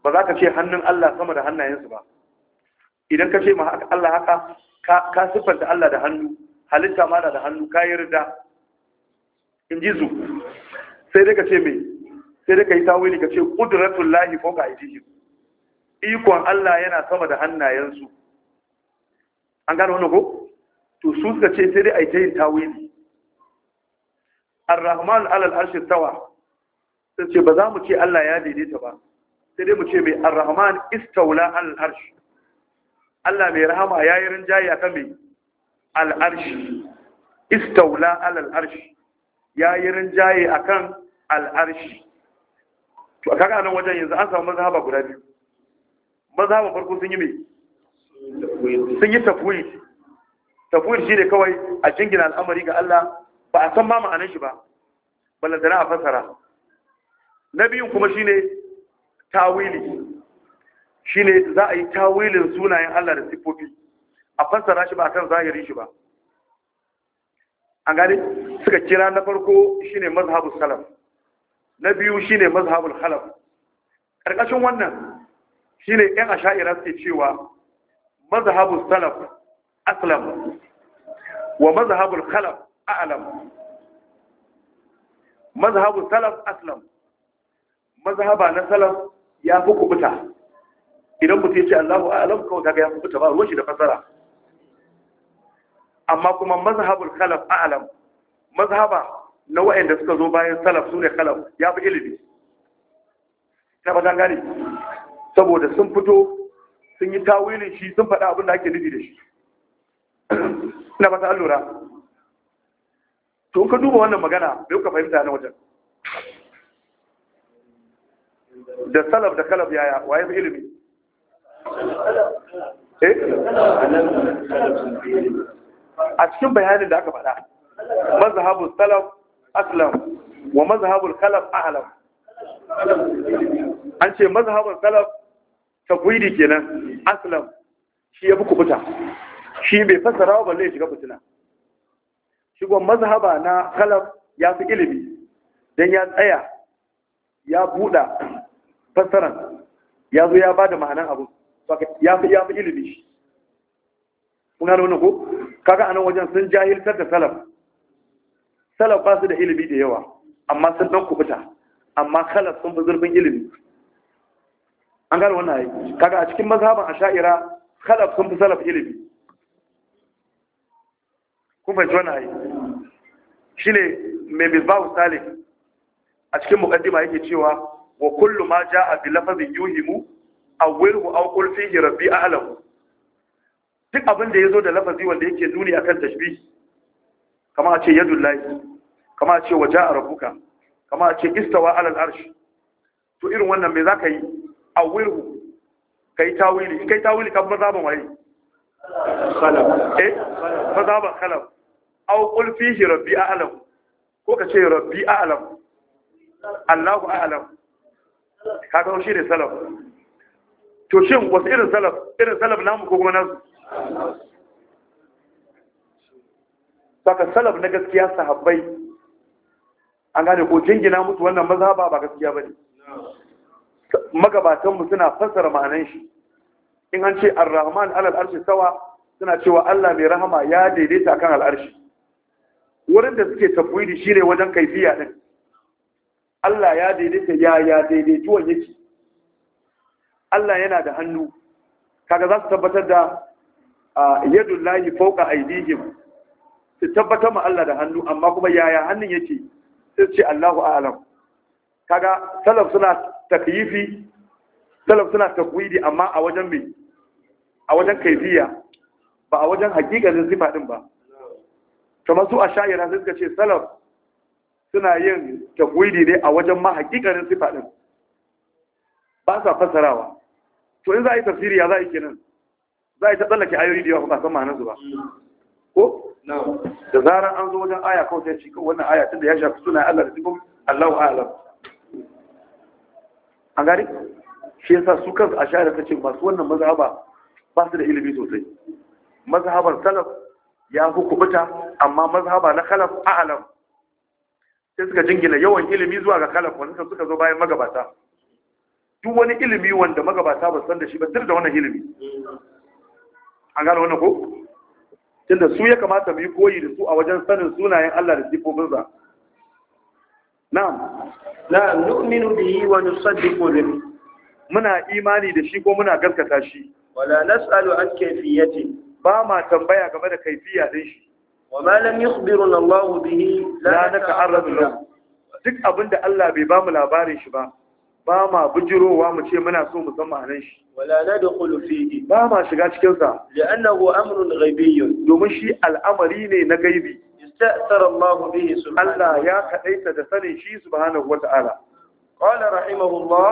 ba za ka ce hannun Allah sama da hannayensu ba idan ka ce ma Allah haka ka siffanta Allah da hannu halitta ma da hannu ka yi rida in ji zu sai dai ka ce mai sai dai ka yi tawili ka ce ƙudratun lahi ko ka aiki ikon Allah yana sama da hannayensu an gano wani ko to su suka ce sai dai a yi ta yin tawili Al rahman alal arshi tawa sai ce ba za mu ce Allah ya daidaita ba sai dai mu ce mai al rahman istaula alal harshe. Allah mai rahama ya yi rinjaye akan mai al'arshi istaula al'arshi ya yi rinjaye akan al'arshi to a kaga nan wajen yanzu an samu mazaba guda biyu mazhaban farko sun yi mai sun yi tafwid tafwid shi ne kawai a jingina al'amari ga Allah ba a san ma ma'anar shi ba balantana a fasara na biyun kuma shi shine tawili shine za a yi tawilin sunayen Allah da sifofi a fassara shi ba kan zahiri shi ba an gane suka kira na farko shine mazhabu salaf na biyu shine mazhabul khalaf karkashin wannan shine yan asha'ira suke cewa mazhabu salaf aslam wa mazhabul khalaf a'lam mazhabu salaf aslam mazhaba na salaf ya fi kubuta idan mutum ya ce Allahu a'lam kawai kaga ya kubuta ba shi da fasara amma kuma mazhabul khalaf a'lam mazhaba na wa'anda suka zo bayan salaf sune khalaf ya fi ilimi ina ba zan gane saboda sun fito sun yi tawilin shi sun faɗa abin da ake nufi da shi ina ba ta allura to ka duba wannan magana bai ka fahimta na wajen da salaf da kalaf yaya waye fi ilimi Eh? a cikin bayanin da aka faɗa mazhabul salaf aslam wa mazhabul khalaf a'lam an ce mazhabul salaf takwidi kenan aslam shi yafi kubuta shi bai fassara ba balle shiga fitina shi kuma mazhaba na khalaf ya fi ilimi dan ya tsaya ya buɗa fassaran ya zo ya bada ma'anan abu ya fi ya fi ilimi shi kun gane wannan ko kaga anan wajen sun jahiltar da salaf salaf ba su da ilimi da yawa amma sun dan kubuta amma khalaf sun fi zurfin ilimi an gano wannan ayi kaga a cikin mazhaban asha'ira khalaf sun fi salaf ilimi kun fahimci wannan ayi shine mai bisbahu salih a cikin muqaddima yake cewa wa kullu ma jaa bi lafazin yuhimu awwilhu aw qul fihi rabbi a'lamu duk abin da yazo da lafazi wanda yake duni akan tashbih kama a ce yadullahi kama a ce waja'a rabbuka kama a ce istawa alal arsh to irin wannan me zaka yi awwilhu kai tawili kai tawili kan mazaban waye khalaf eh mazaban khalaf aw qul fihi rabbi a'lamu ko ka ce rabbi a'lamu Allahu a'lam kaga shi ne Salam. to shin wasu irin salaf irin salaf namu ko kuma nasu saka salaf na gaskiya sahabbai an gane ko jingina mutu, wannan mazhaba ba gaskiya bane magabatan mu suna fassara ma'anan shi in an ce ar-rahman al arshi sawa suna cewa Allah mai rahama ya daidaita kan al'arshi wurin da suke tafwidi shine wajen kaifiya din Allah ya daidaita ya ya daidaituwan yake Allah yana da hannu kaga za su tabbatar da yadda lahi fauka aidihim su tabbatar ma Allah da hannu amma kuma yaya hannun yake sai ce Allahu a'lam kaga salaf suna takyifi salaf suna takwidi amma a wajen me a wajen kaifiya ba a wajen hakikalin sifa din ba kamar su sha'ira, sai suka ce salaf suna yin takwidi ne a wajen ma hakikalin sifa din ba sa fasarawa to in za a yi tafsiri ya za a yi kenan za a yi ta tsallake ayoyi da yawa ba san ma'anar su ba ko da zarar an zo wajen aya kawai sai ci wannan aya tunda ya shafi suna Allah da sifin Allahu a'lam an gari shi yasa su kansu a shahara ta ce masu wannan mazhaba ba su da ilimi sosai mazhabar salaf ya fi amma mazhaba na khalaf a'lam sai suka jingina yawan ilimi zuwa ga khalaf wanda suka zo bayan magabata duk wani ilimi wanda magabata ba san da shi ba duk da wannan ilimi an gano wannan ko tunda su ya kamata mu yi koyi da su a wajen sanin sunayen Allah da sa na'am la nu'minu bihi wa nusaddiqu bihi muna imani da shi ko muna gaskata shi wala nas'alu an kayfiyati ba ma tambaya game da kayfiya din shi wa ma lam yukhbiruna Allah bihi la nata'arradu duk abinda Allah bai ba mu labarin shi ba ba ma bujirowa mu ce muna so mu san ma'anar shi wala na da fihi ba ma shiga cikin sa li'annahu amrun ghaibiyyun domin shi al'amari ne na gaibi ista'sara Allah bihi subhanahu Allah ya kadaita da sanin shi subhanahu wata'ala qala rahimahullah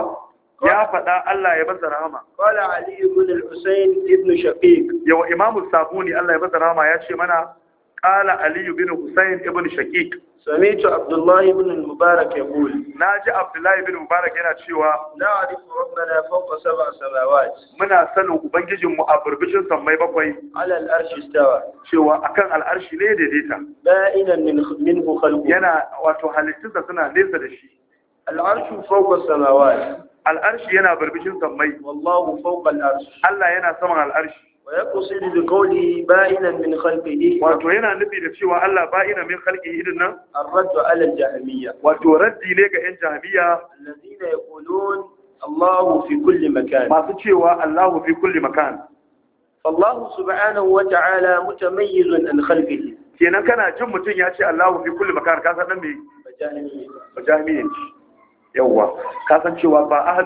ya fada Allah ya masa rahama qala ali ibn al-husayn ibn shaqiq yawa imam sabuni Allah ya masa rahama ya ce mana قال علي بن حسين ابن شقيق سمعت عبد الله بن المبارك يقول ناجي عبد الله بن المبارك yana cewa na'rifu rabbana fawqa sab'a samawat muna sanin ubangijin mu a burbushin sammai bakwai ala al'arshi istawa cewa akan al'arshi ne daidaita ba'inan min minhu khalqu yana wato halittunsa suna nesa da shi al'arshu fawqa samawat al'arshi yana burbushin sammai wallahu fawqa al'arshi Allah yana saman al'arshi ويقصد بقوله بائنا من خلقه واتو هنا نبي da cewa Allah ba'ina min khalqihi din nan ar-radd ala al wato raddi ne ga yan jahmiyya allazina yaqulun Allah fi kulli makan masu cewa Allah fi kulli makan Allah subhanahu wa ta'ala mutamayyizun an khalqihi kenan kana jin mutun ya fi kulli makan ka san me jahmiyya yawa ka san cewa ba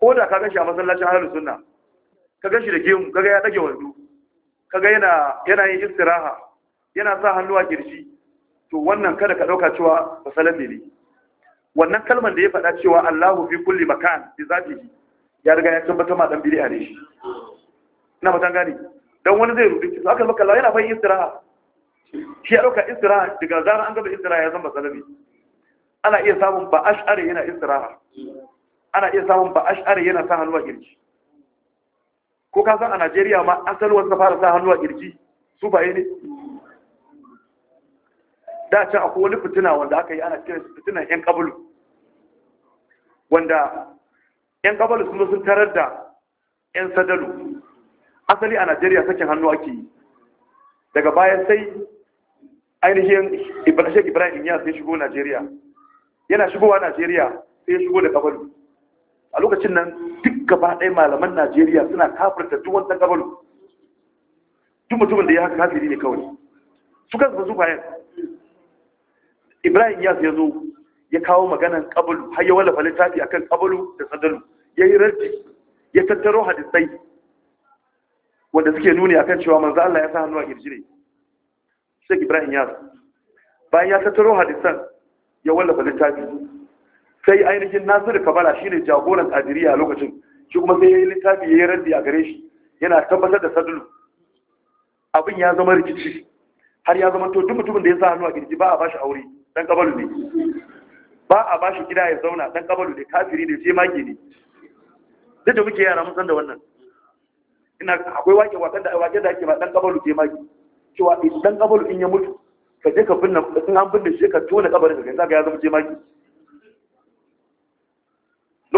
ko da ka a masallacin ka gashi da gemu kaga ya dage wando kaga yana yana yin istiraha yana sa hannu a kirji to wannan kada ka dauka cewa fasalafi ne wannan kalmar da ya faɗa cewa Allahu fi kulli makan bi zatihi ya riga ya tabbata ma dan bid'a ne shi ina fatan gani dan wani zai rubuta to aka baka Allah yana fa istiraha shi ya dauka istiraha daga zara an gaba istiraha ya zama salafi ana iya samun ba ash'ari yana istiraha ana iya samun ba ash'ari yana sa hannu a kirji ko ka san a Najeriya ma asali wanda fara sa hannu a kirji su baye ne da can akwai wani fitina wanda aka yi ana kiran fitinan yan kabulu wanda yan kabulu sun zo sun tarar da yan sadalu asali a Najeriya sakin hannu ake yi daga baya sai ainihin Ibrahim Ibrahim ya sai shigo Najeriya yana shigowa Najeriya sai ya shigo da kabulu a lokacin nan duk gaba ɗaya malaman najeriya suna kafirta da tuwon ta gabalu Tun mutumin da ya haka kafiri ne kawai su kan su su bayan ibrahim yas ya zo ya kawo maganan kabalu har ya wallafa littafi akan kabalu da sadalu ya yi rarji ya tattaro hadisai wanda suke nuni akan cewa manzo Allah ya sa hannu a girji ne sai Ibrahim Yas bayan ya tattaro hadisan ya wallafa littafi sai ainihin nasiru kabara shine jagoran kadiriya lokacin shi kuma sai ya yi littafi ya yi raddi a gare shi yana tabbatar da sadulu abin ya zama rikici har ya zama to duk mutumin da ya sa hannu a kirji ba a bashi aure dan kabalu ne ba a bashi gida ya zauna dan kabalu ne kafiri ne sai mage ne duk da muke yara mun san da wannan ina akwai wake wakan da wake da ake ba dan kabalu ke mage cewa dan kabalu in ya mutu ka je ka binne in an binne shi ka tona kabarin ka ga ya zama je mage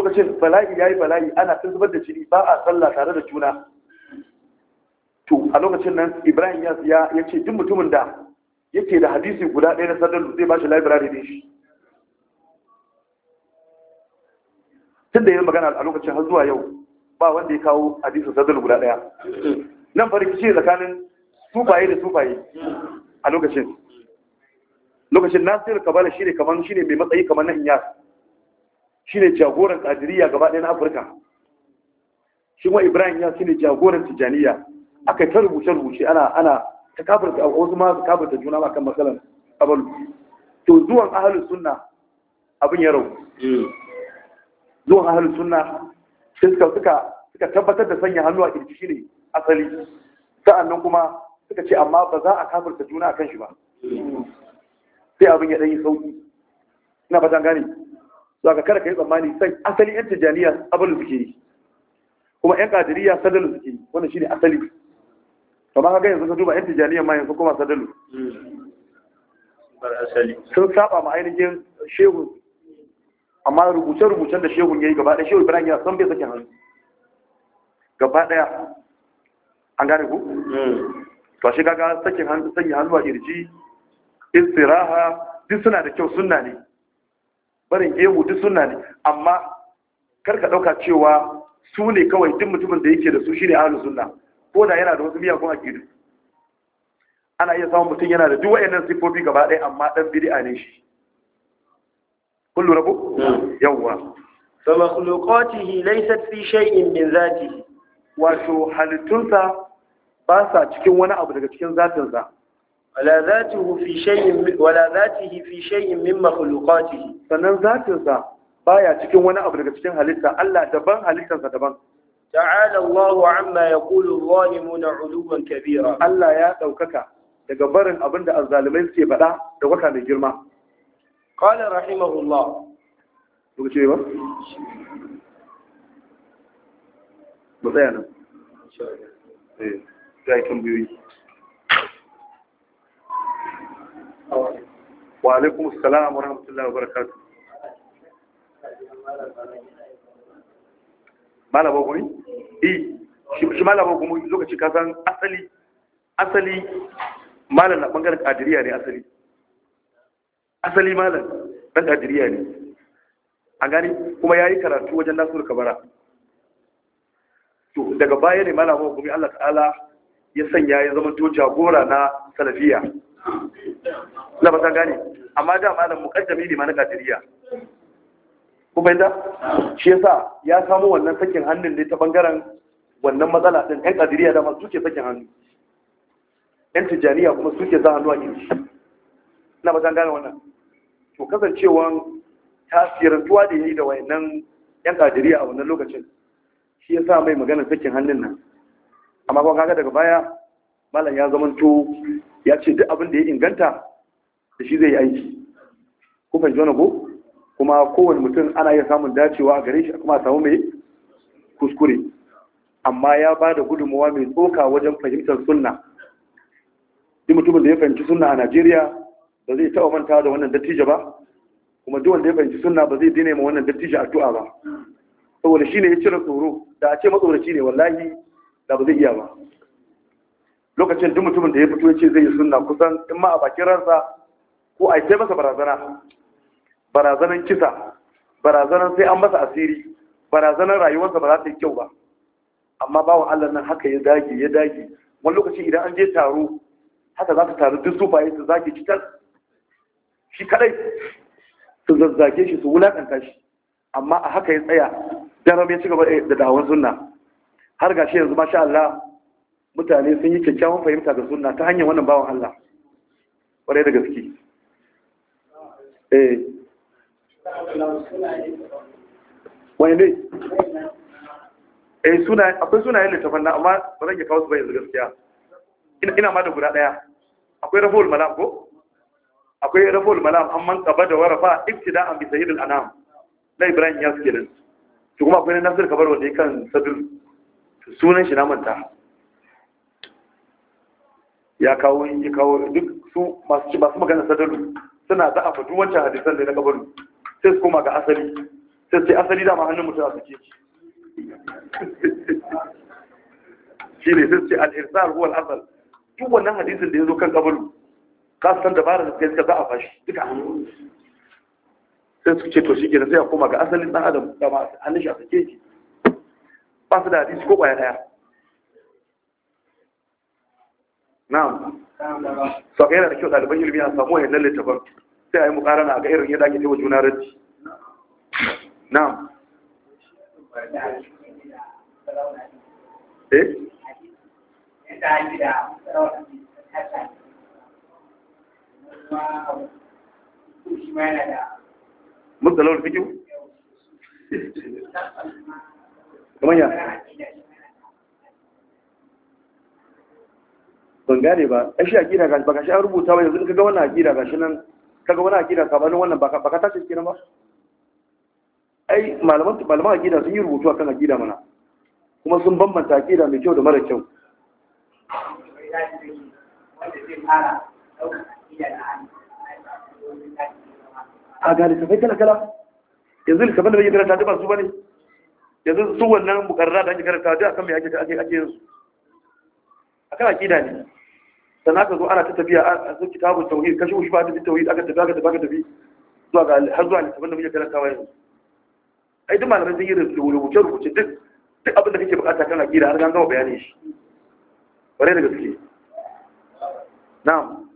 lokacin bala'i ya yi bala'i ana sun zubar da jini ba a sallah tare da juna to a lokacin nan ibrahim ya ya ce duk mutumin da yake da hadisi guda ɗaya na sallar zai ba shi library ne shi tun da yin magana a lokacin har zuwa yau ba wanda ya kawo hadisi sallar guda ɗaya nan farki ce tsakanin sufaye da sufaye a lokacin lokacin nasir kabala shi ne kaman shi ne mai matsayi kaman na inyar. shine jagoran qadiriyya gaba ɗaya na Afirka shi kuma Ibrahim ya shine jagoran Tijaniya aka ta rubuce rubuce ana ana ta kafirta wasu ma su kafirta juna ma kan matsalan kabalu to zuwan ahalus sunna abin ya rau hmm. zuwan ahalus sunna suka suka suka tabbatar da sanya hannu a kirji shine asali sa'annan kuma suka ce amma ba za a kafirta juna akan shi ba hmm. sai abin ya ɗanyi sauki ina ba gane za ka kada ka yi tsammani sai asali yan tijaniya abalu suke yi kuma yan kadiriya sadalu suke yi wannan shine asali kamar haka yanzu ka duba yan tijaniya, ma yanzu kuma sadalu sun saba ma ainihin shehu amma rubuce-rubucen da shehu ya yi gaba ɗaya shehu ibrahim ya san bai sake hannu gaba ɗaya an gane ku? Hmm. to shi gaga sake hannu a irji istiraha duk suna da kyau sunna ne barin gemu duk suna ne amma kar ka dauka cewa su ne kawai duk mutumin da yake da su shine ahlus sunna ko da yana da wasu miyagun aqidu ana iya samun mutum yana da duk wayannan sifofi gaba ɗaya amma dan bid'a ne shi kullu rabu, yawwa fa makhluqatihi laysat fi shay'in min zatihi wato halittunsa ba sa cikin wani abu daga cikin zatinsa wala zatuhu fi shay'in wala zatihi fi shay'in min sannan zatinsa baya cikin wani abu daga cikin halitta Allah daban halittarsa daban ta'ala Allahu amma yaqulu adh-dhalimuna 'uluwan kabira Allah ya daukaka daga barin abinda azzalimai suke faɗa da wata mai girma qala rahimahullah lokaci ba wa alaikum assalam wa rahmatullahi wa barakatuh malaba gumi eh shi malaba gumi lokaci ka san asali asali malam na bangaren kadiriya ne asali asali malam dan kadiriya ne a gani kuma ya yi karatu wajen nasiru kabara to daga baya ne malama gumi allah ta'ala ya sanya ya zama to gora na salafiya na bata gane amma da malam mukaddami ne mana kadiriya ku da shi yasa ya samu wannan sakin hannun ne ta bangaren wannan matsala din ɗan kadiriya da masu ke sakin hannu ɗan tijaniya kuma suke za hannu a kirji na bata gane wannan to kasancewan tuwa da yi da wayannan ɗan kadiriya a wannan lokacin shi yasa mai magana sakin hannun nan amma kuma kaga daga baya malam ya zamanto ya ce duk abin da ya inganta da shi zai yi aiki ku fahimci ko kuma kowane mutum ana iya samun dacewa a gare shi kuma samu mai kuskure amma ya ba da gudunmawa mai tsoka wajen fahimtar sunna duk mutumin da ya fahimci sunna a najeriya ba zai taɓa manta da wannan dattijo ba kuma duk wanda ya fahimci sunna ba zai dine ma wannan dattijo addu'a ba saboda shine ya cire tsoro da a ce matsoraci ne wallahi da ba zai iya ba lokacin duk mutumin da ya fito ya ce zai yi sunna kusan in ma a bakin ransa ko a ce masa barazana barazanan kisa barazanan sai an masa asiri barazanan rayuwarsa ba za ta yi kyau ba amma wa Allah nan haka ya dage ya dage wani lokaci idan an je taro haka za ta taru duk sufaye su zage shi tas shi kadai su zazzage shi su wulakanta shi amma a haka ya tsaya daram ya ci gaba da dawon sunna har gashi yanzu masha Allah mutane sun yi kyakkyawan fahimta ga sunna ta hanyar wannan bawan Allah kwarai da gaske eh wani ne eh, akwai sunayen littafan na amma ba zan iya kawo su ba yanzu gaskiya ina ma da guda daya akwai rafol malam ko akwai rafol malam amman kaba da warafa an bi sayyidil anam na ibrahim ya suke nan to kuma akwai nasir kabar wanda ya kan sadir sunan shi na manta ya kawo ya kawo duk su masu masu magana sadalu suna da a duk wancan hadisan da na kabarin sai su koma ga asali sai sai asali dama hannun mutum a suke shi ne sai sai al huwa asal duk wannan hadisin da ya zo kan kabarin ka san dabarar da suka za a fashi duka sai su ce to shi gina sai a koma ga asalin ɗan adam dama hannun shi a suke shi ba su da hadisi ko ɓaya ɗaya na'am to ga yana da kyau ɗaliban ilimi a samu wayan lalle tabar sai a yi mukarana a ga irin yadda ake taiwa juna raji na'am eh Mutsalawar fikiyu? Kamar ya? ban gane ba ai shi akida gashi ba gashi an rubuta ba yanzu in kaga wannan akida gashi nan kaga wannan akida sabanin wannan ba ka tashi kenan ba ai malaman malaman akida sun yi rubutu akan akida mana kuma sun bambanta akida mai kyau da mara kyau a ga littafai kala kala yanzu littafin da bai karanta duk ba su bane yanzu su wannan mukarrara da ake karanta duk akan mai ake ake yin su akan akida ne sannan ka zo ana ta tafiya a zo kitabun tauhid kashi shi ba ta bi tauhid aka tafi aka tafi aka tafi zuwa ga har zuwa littafin da muke karantawa yanzu ai duk malamai sun yi rubuce rubuce duk duk abin da kake bukata kan akida har an gama bayanin shi bare da gaske na'am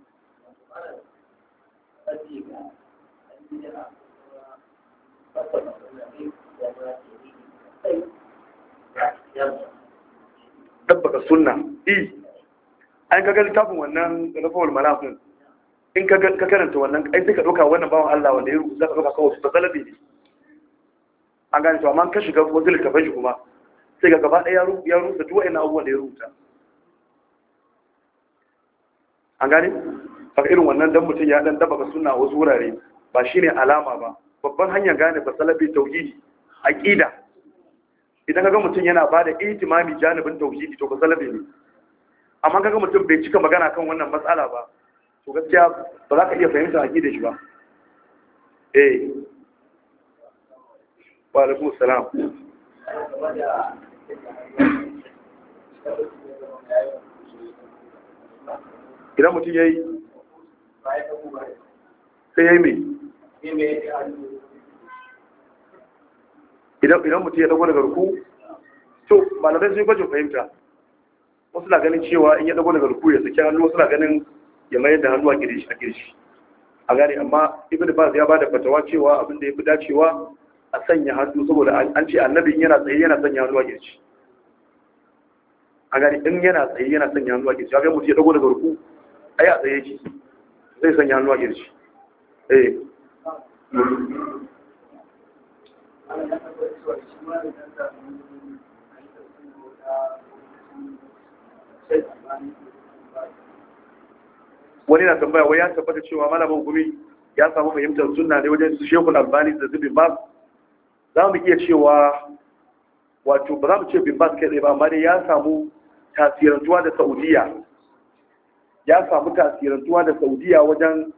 dabbaka sunna eh ai ka ga littafin wannan rafawar malafin in ka karanta wannan ai sai ka ɗauka wannan bawan Allah wanda ya rubuta ka ɗauka kawai su salabi ne an gane to amma ka shiga wasu littafai shi kuma sai ga gaba ɗaya ya rubuta duk wa'annan abubuwan da ya rubuta an gane haka irin wannan dan mutum ya dan daba sunna suna wasu wurare ba shine alama ba babban hanyar gane ba salafi tauhidi aqida idan ka ga mutum yana ba bada ihtimami janibin tauhidi to ba salafi ne amma kaga mutum bai cika magana kan wannan matsala ba to gaskiya ba za ka iya fahimta aqidar shi ba eh wa alaikum salam idan mutum ya yi sai ya yi mai idan mutum ya dago daga ruku to malamai sun yi gwajin fahimta wasu na ganin cewa in ya dago daga ruku ya saki hannu wasu na ganin ya mayar da hannu a girshi a girshi a gane amma ibn baz ya bada fatawa cewa abin da ya fi dacewa a sanya hannu saboda an ce annabin yana tsaye yana sanya hannu a girshi a gane in yana tsaye yana sanya hannu a girshi a ga mutum ya dago daga ruku ai a tsaye ki zai sanya hannu a girshi eh Thank you. wani na tambaya wai ya tabbata cewa malamin gumi ya samu fahimtar sunna ne wajen su shekul albani da zubin bas za mu iya cewa wato ba za mu ce bin bas kai tsaye ba amma dai ya samu tasirantuwa da saudiya ya samu tasirantuwa da saudiya wajen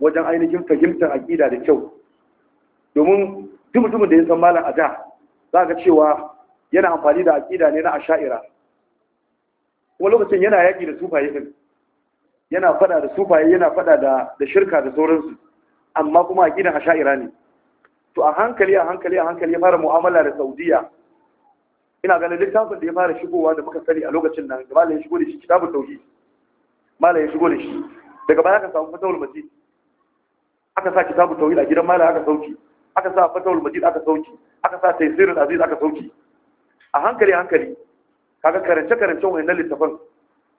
wajen ainihin fahimtar aƙida da kyau domin duk mutumin da ya san malam a da za ga cewa yana amfani da aƙida ne na asha'ira wani lokacin yana yaƙi da sufaye din yana fada da sufaye yana fada da da shirka da sauransu amma kuma aqidan asha'ira ne to a hankali a hankali a hankali ya fara mu'amala da Saudiya ina ganin littafin da ya fara shigowa da muka sani a lokacin nan da ya shigo da shi kitabun tauhid ya shigo da shi daga baya aka samu fatawul masjid aka sa kitabun tauhid a gidan malam aka sauki aka sa fatawul masjid aka sauki aka sa tafsirul aziz aka sauki a hankali hankali kaga karance karance na littafin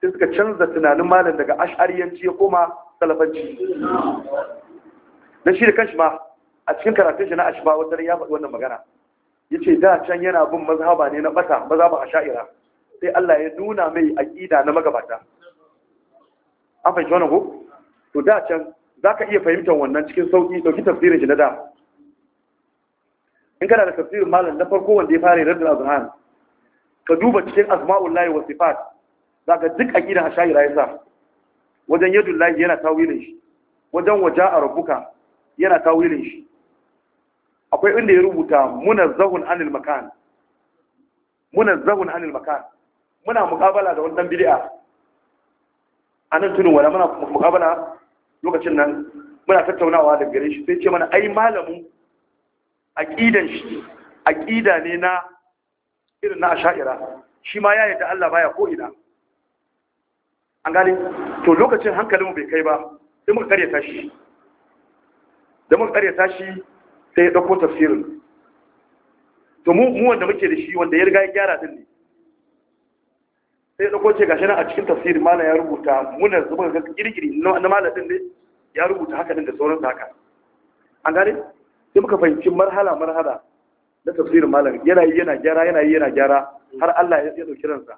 sai suka canza tunanin malam daga ash'ariyanci ya koma salafanci na shi da kanshi ma a cikin karatun shi na ashba wata ya faɗi wannan magana ya ce da can yana bin mazhaba ne na ɓata mazhaba a sha'ira, sai Allah ya nuna mai aqida na magabata an fahimci wannan ko to da can zaka iya fahimtar wannan cikin sauki dauki tafsirin shi na da in kana da tafsirin malam na farko wanda ya fara da azhan ka duba cikin layi wa sifat daga duk aqida ashayira yasa wajen yadullahi yana tawilin shi wajen waja rabbuka yana tawilin shi akwai inda ya rubuta munazzahun anil makan munazzahun anil makan muna muqabala da wannan bid'a anan tunu wala muna muqabala lokacin nan muna tattaunawa da gare shi sai ce mana ai malamin aqidan shi aqida ne na irin na sha'ira shi ma ya yadda Allah baya ko ina an gane to lokacin hankalinmu bai kai ba sai muka karyata shi da muka karyata shi sai ya dauko tafsirin to mu wanda muke da shi wanda ya riga ya gyara din ne sai ya dauko ce gashi nan a cikin tafsirin malam ya rubuta muna zuba ga girgiri na mala din ne ya rubuta haka din da sauran haka an gane sai muka fahimci marhala marhala na tafsirin malami yana yi yana gyara yana yi yana gyara har Allah ya dauki ransa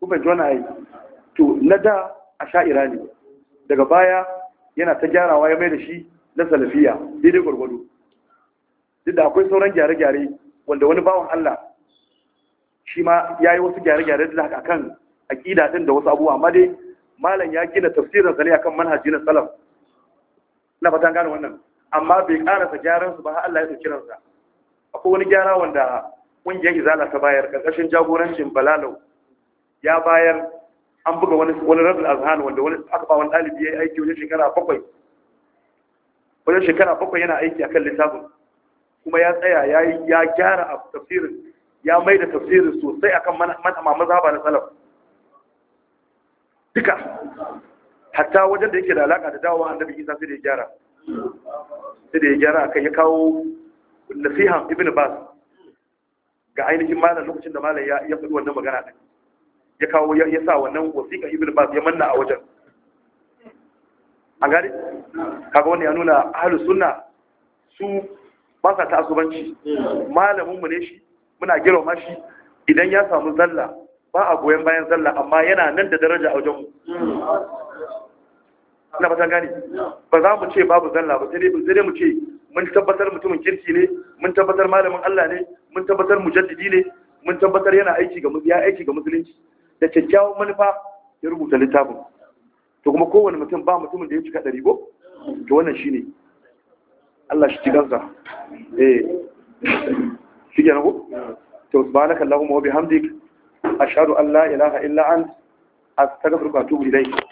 ku fahimci wannan yi. to na da a sha'ira ne daga baya yana ta gyarawa ya mai da shi na salafiya daidai gwargwado duk da akwai sauran gyare-gyare wanda wani bawan Allah shi ma ya yi wasu gyare-gyare da haka kan aƙida ɗin da wasu abubuwa amma dai malam ya gina tafsirin sa ne akan manhaji na salaf na fatan gane wannan amma bai karasa gyaran su ba har Allah ya ɗauki ransa. akwai wani gyara wanda ƙungiyar izala ta bayar ƙarƙashin jagorancin balalau ya bayar an buga wani wani rabin azhan wanda wani aka ba wani dalibi ya yi aiki wajen shekara bakwai wajen shekara bakwai yana aiki a kan littafin kuma ya tsaya ya ya gyara a tafsirin ya mai da tafsirin sosai akan manama mazhaba na salaf duka hatta wajen da yake da alaƙa da dawowa annabi isa sai da ya gyara sai da ya gyara akan ya kawo nasiha ibn bas ga ainihin malam lokacin da malam ya ya fadi wannan magana din ya kawo ya sa wannan wasiqa ibn bas ya manna a wajen a gari kaga wannan ya nuna ahlus sunna su ba sa asubanci, malamin mu ne shi muna ma shi idan ya samu zalla ba a goyon bayan zalla amma yana nan da daraja a wajen mu ba ta gani ba za mu ce babu zalla ba sai dai mu ce mun tabbatar mutumin kirki ne mun tabbatar malamin Allah ne mun tabbatar mujaddidi ne mun tabbatar yana aiki ga ya aiki ga musulunci da kyakkyawan manufa ya rubuta littafin to kuma kowane mutum ba mutumin da ya cika ɗari ko to wannan shine Allah shi cikansa eh shi kenan ko to subhanaka wa bihamdik ashhadu an la ilaha illa ant astaghfiruka wa atubu ilayk